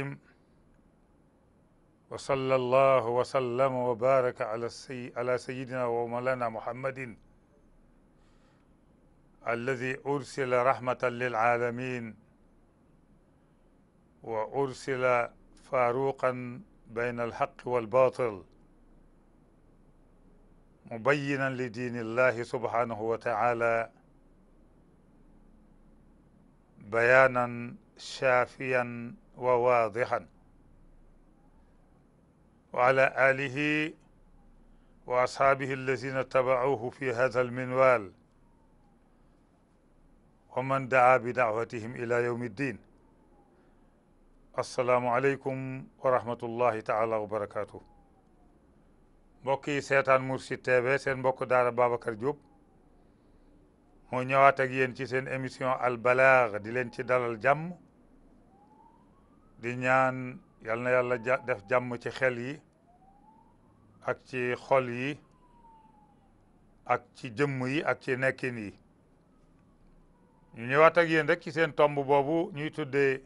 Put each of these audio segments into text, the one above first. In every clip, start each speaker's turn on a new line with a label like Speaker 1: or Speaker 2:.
Speaker 1: الرحيم وصلى الله وسلم وبارك على السي... على سيدنا ومولانا محمد الذي أرسل رحمة للعالمين وأرسل فاروقا بين الحق والباطل مبينا لدين الله سبحانه وتعالى بيانا شافيا وواضحا وعلى آله وأصحابه الذين اتبعوه في هذا المنوال ومن دعا بدعوتهم إلى يوم الدين asalaamualeykum wa rahmatullahi taala wa barakaatu mbokk yi seetaan Mourchid TV seen mbokk daara Babacar Diop moo ñëwaat ak yéen ci seen émission al di leen ci dalal jàmm di ñaan yal na yàlla def jàmm ci xel yi ak ci xol yi ak ci jëmm yi ak ci nekkin yi ñu ñëwaat ak yéen ci seen tomb boobu ñu tuddee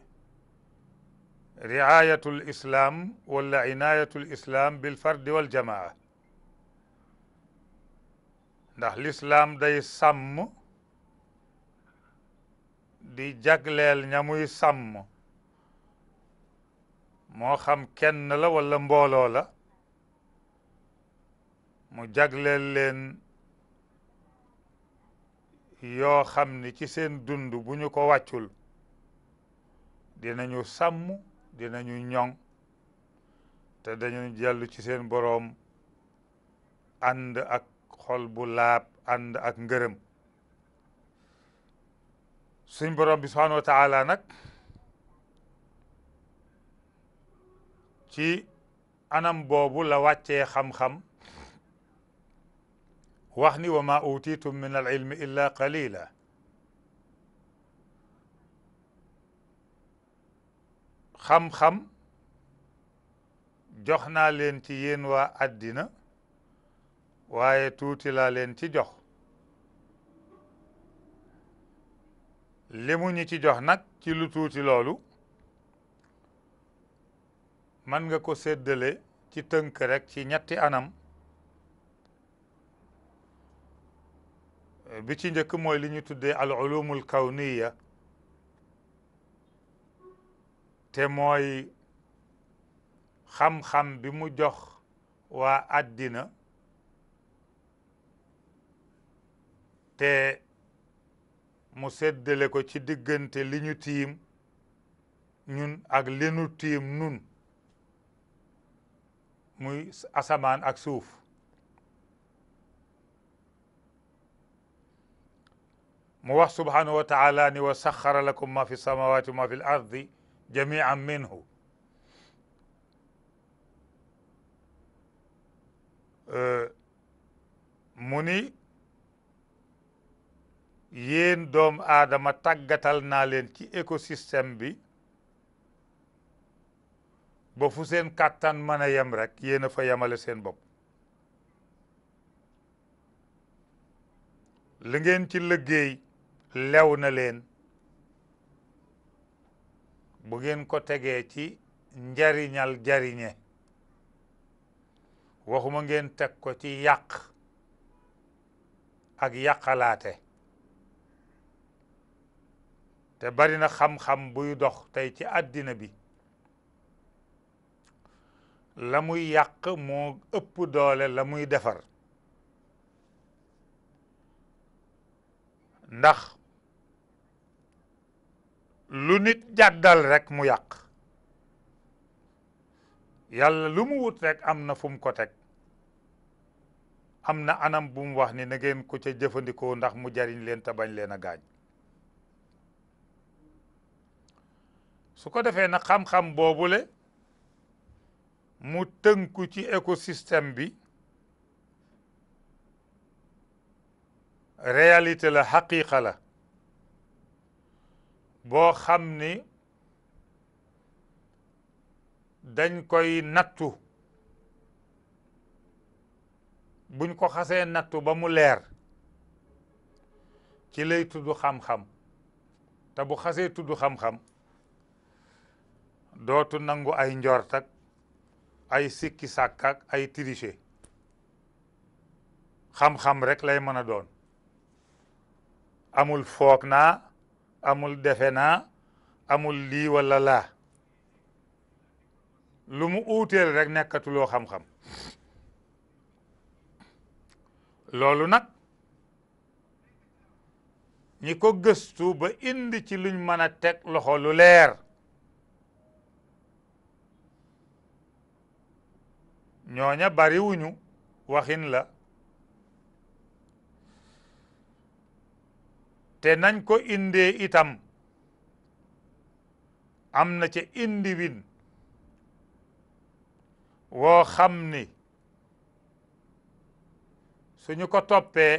Speaker 1: riayatul islam wala inayatul islam bil fardi wal ndax lislam day sàmm di jagleel ñamuy sàmm moo xam kenn la walla mbooloo la mu jagleel leen yoo xam ni ci seen dund bu ñu ko wàccul dinañu sàmm dinañu ñoŋ te dañu jàllu ci seen boroom ànd ak xol bu laab and ak ngërëm suñ boroom bi subhanahu wa taala ci anam boobu la wàccee xam-xam wax ni wa ma utitum min al ilmi illa qalila xam-xam jox naa leen ci yéen waa àddina waaye tuuti laa leen ci jox li mu ñu ci jox nag ci lu tuuti loolu mën nga ko seddale ci tënk rekk ci ñetti anam bi ci njëkk mooy li ñu tuddee al ulumul kawniya te mooy xam-xam bi mu jox waa àddina te mu seddale ko ci diggante li ñu tiim ñun ak li nu tiim nun muy asamaan ak suuf mu wax subhanahu wa taala ni wa saxara lakum ma fi samawati wa ma fi l ardi jamian minhu mu ni yéen doom aadama tàggatal naa leen ci écosystème bi ba fu seen kàttan mën yem rekk yéen a fa yemale seen bopp li ci liggéey lew na leen bu ngeen ko tegee ci njariñal jariñe waxuma ngeen teg ko ci yàq ak yàqalaate te bari na xam-xam buy dox tey ci àddina bi la muy yàq moo ëpp doole la muy defar ndax lu nit jàddal rekk mu yàq yàlla lu mu wut rekk am na fu mu ko teg am na anam bu wax ni na ngeen ko ca jëfandikoo ndax mu jariñ leen te bañ leen a gaañ su ko defee nag xam-xam boobule mu tënku ci écosystème bi réalité la xaqiqa la boo xam ni dañ koy nattu buñ ko xasee nattu ba mu leer ci lay tudd xam-xam te bu xasee tudd xam-xam dootu nangu ay njortak ay sikki sàkkaak ay tricher xam-xam rek lay mën a doon amul foog naa amul defe naa amul lii wala laa lu mu uuteel rek nekkatuloo xam-xam loolu nag ñi ko gëstu ba indi ci luñ mën a teg loxo lu leer ñooña bariwuñu waxin la te nañ ko indee itam am na ca indiwin woo xam ni suñu ko toppee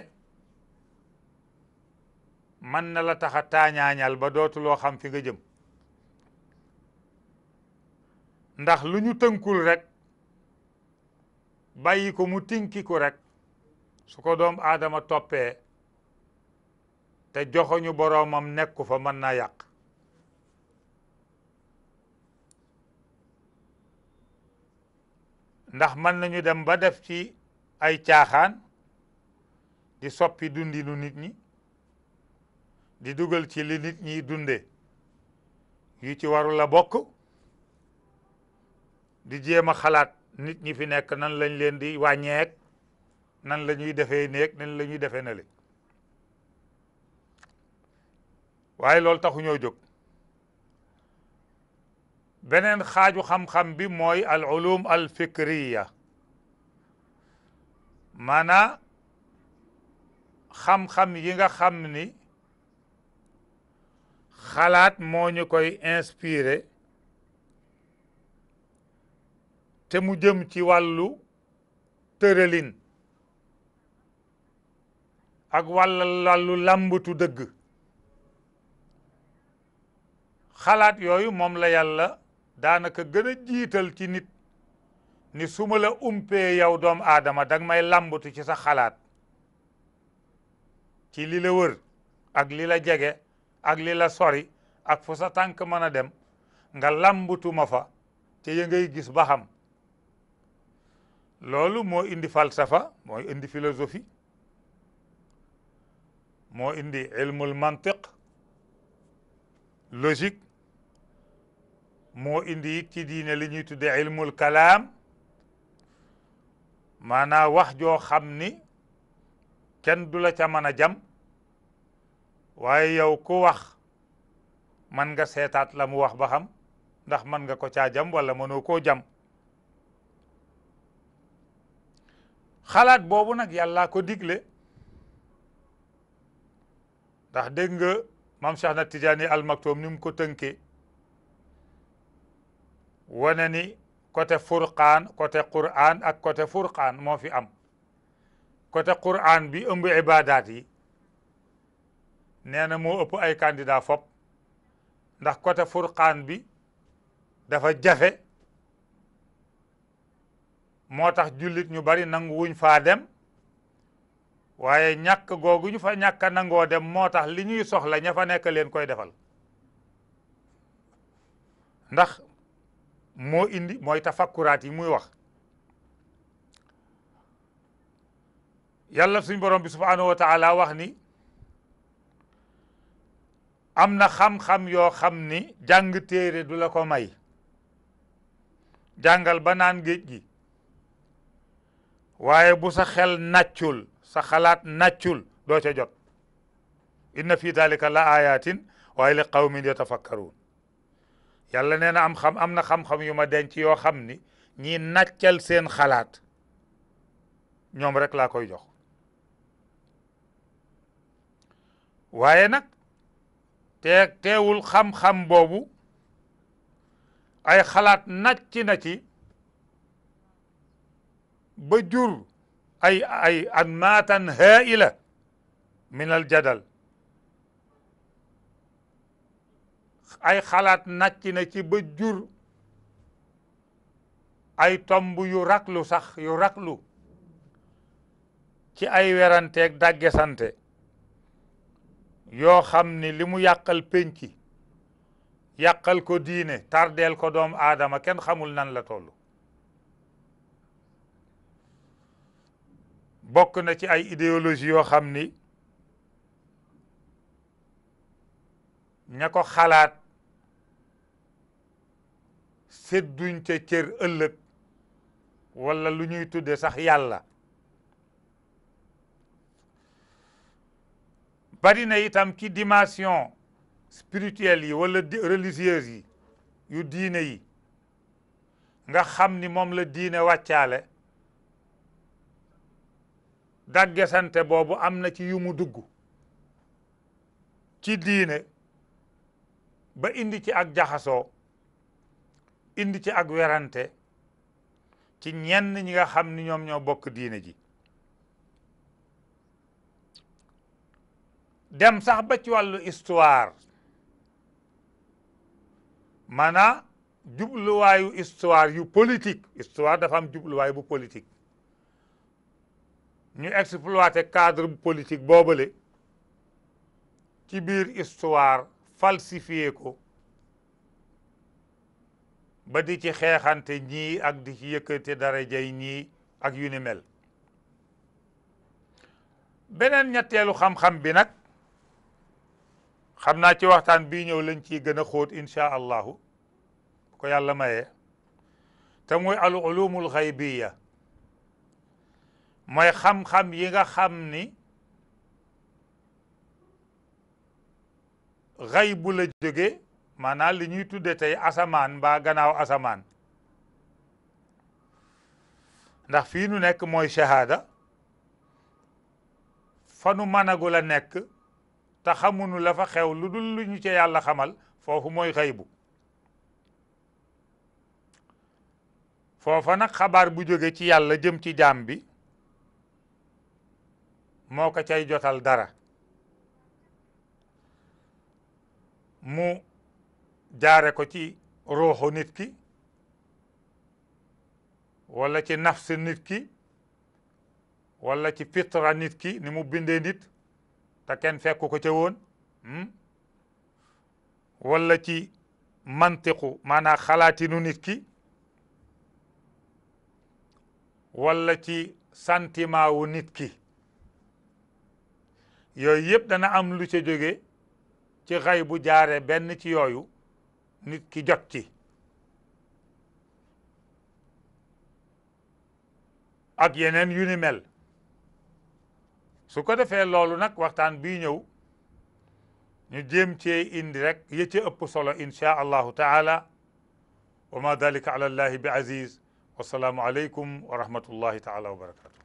Speaker 1: mën na la tax a ba dootuloo xam fi nga jëm ndax lu ñu tënkul rek bàyyi ko mu tinkiku rek su ko doom aadama toppee te joxoñu boroomam nekku fa mën na yàq ndax mën nañu dem ba def ci ay caaxaan di soppi dundinu nit ñi di dugal ci li nit ñiy dunde yu ci waru la bokk di jéem a xalaat nit ñi fi nekk nan lañ leen di wàññeek nan la ñuy defee néeg nan la ñuy defee nale waaye loolu taxu ñoo jóg beneen xaaju xam-xam bi mooy al ulum al fikriya maanaa xam-xam yi nga xam ni xalaat moo ñu koy inspiré te mu jëm ci wàllu tëralin ak wàlla wàllu làmbatu dëgg xalaat yooyu moom la yàlla daanaka gën a jiital ci nit ni suma la umpee yow doom aadama danga may làmbatu ci sa xalaat ci li la wër ak li la jege ak li la sori ak fu sa tànk mën a dem nga làmbatu ma fa te ya ngay gis ba xam loolu moo indi falsafa moo indi philosophie moo indi ilmul mantiq logique moo indi it ci diine li ñuy tudde ilmul kalaam maanaam wax joo xam ni kenn du la ca mën a jam waaye yow ku wax mën nga seetaat la mu wax ba xam ndax mën nga ko caa jam wala mënoo koo jam xalaat boobu nag yàllaa ko digle ndax dégg nga maam Cheikh na Tijaani almaktoom ni mu ko tënkee wane ni côté furqaan côté qur'an ak côté furqaan moo fi am côté qur'an bi ëmb ibaadaat yi nee na moo ëpp ay candidat fop ndax côté furqaan bi dafa jafe moo tax jullit ñu bari nanguwuñ wuñ faa dem waaye ñàkk googu fa ñàkk a nangoo dem moo tax li ñuy soxla ña fa nekk leen koy defal ndax moo indi mooy tafakkuraat yi muy wax yàlla suñ borom bi subhaanahu wa wax ni am na xam-xam yoo xam ni jàng téere du la ko may jàngal ba naan géej gi waaye bu sa xel nàccul sa xalaat naccul doo ca jot inna fi dalika la ayatin waaye li qawmin yatafakkaruun yàlla nee na am xam am na xam-xam yu ma denc yoo xam ni ñii nàccal seen xalaat ñoom rek laa koy jox waaye nag te teewul xam-xam boobu ay xalaat nàcc na ci bëjur jur ay ay anmaatan haila min al ay xalaat nàcc na ci ba jur ay tomb yu raklu sax yu raklu ci ay weranteeg dàgge sante yoo xam ni li mu yàqal penc yàqal ko diine tardeel ko doom aadama kenn xamul nan la toll bokk na ci ay idéologie yoo xam ni ña ko xalaat sedduñ ci cër ëllëg wala lu ñuy tudde sax yàlla bari na itam ci dimension spirituelle yi walla religieuse yi yu diine yi nga xam ni moom la diine wàccaale dàggesante boobu am na ci yu mu dugg ci diine ba indi ci ak jaxasoo indi ci ak werante ci ñenn ñi nga xam ni ñoom ñoo bokk diine ji dem sax ba ci wàllu histoire maanaa jubluwaayu histoire yu politique histoire dafa am jubluwaay bu politique ñu exploité cadre politique boobale ci biir histoire falsifié ko ba di ci xeexante ñii ak di ci yëkkate dara jay ñii ak yu ni mel beneen ñetteelu xam-xam bi nag xam naa ci waxtaan bi ñëw lañ ci gën a xóot incha allahu ko yàlla mayee te muy al ulumul xaybiya mooy xam-xam yi nga xam ni xay bu la jóge maanaam li ñuy tudde tey asamaan ba gannaaw asamaan ndax fii nu nekk mooy shahada fa nu managul a nekk te xamunu la fa xew lu dul lu ñu ci yàlla xamal foofu mooy xay foofa nag xabaar bu jóge ci yàlla jëm ci jaam bi moo ko cay jotal dara mu jaare ko ci ruuxu nit ki wala ci nafs nit ki wala ci fitra nit ki ni mu bindee nit te kenn fekku ko ca woon hmm? wala ci mantiqu maanaa xalaatinu nit ki wala ci sentiment nit ki yooyu yëpp dana am lu ca jóge ci xay bu jaare benn ci yooyu nit ki jot ci ak yeneen yu ni mel su ko defee loolu nag waxtaan bii ñëw ñu jéem cee indi rek yë ëpp solo insha allahu taala wa ma dalika ala allahi bi aziz wasalaamu aleykum wa rahmatullahi taala wa barakatu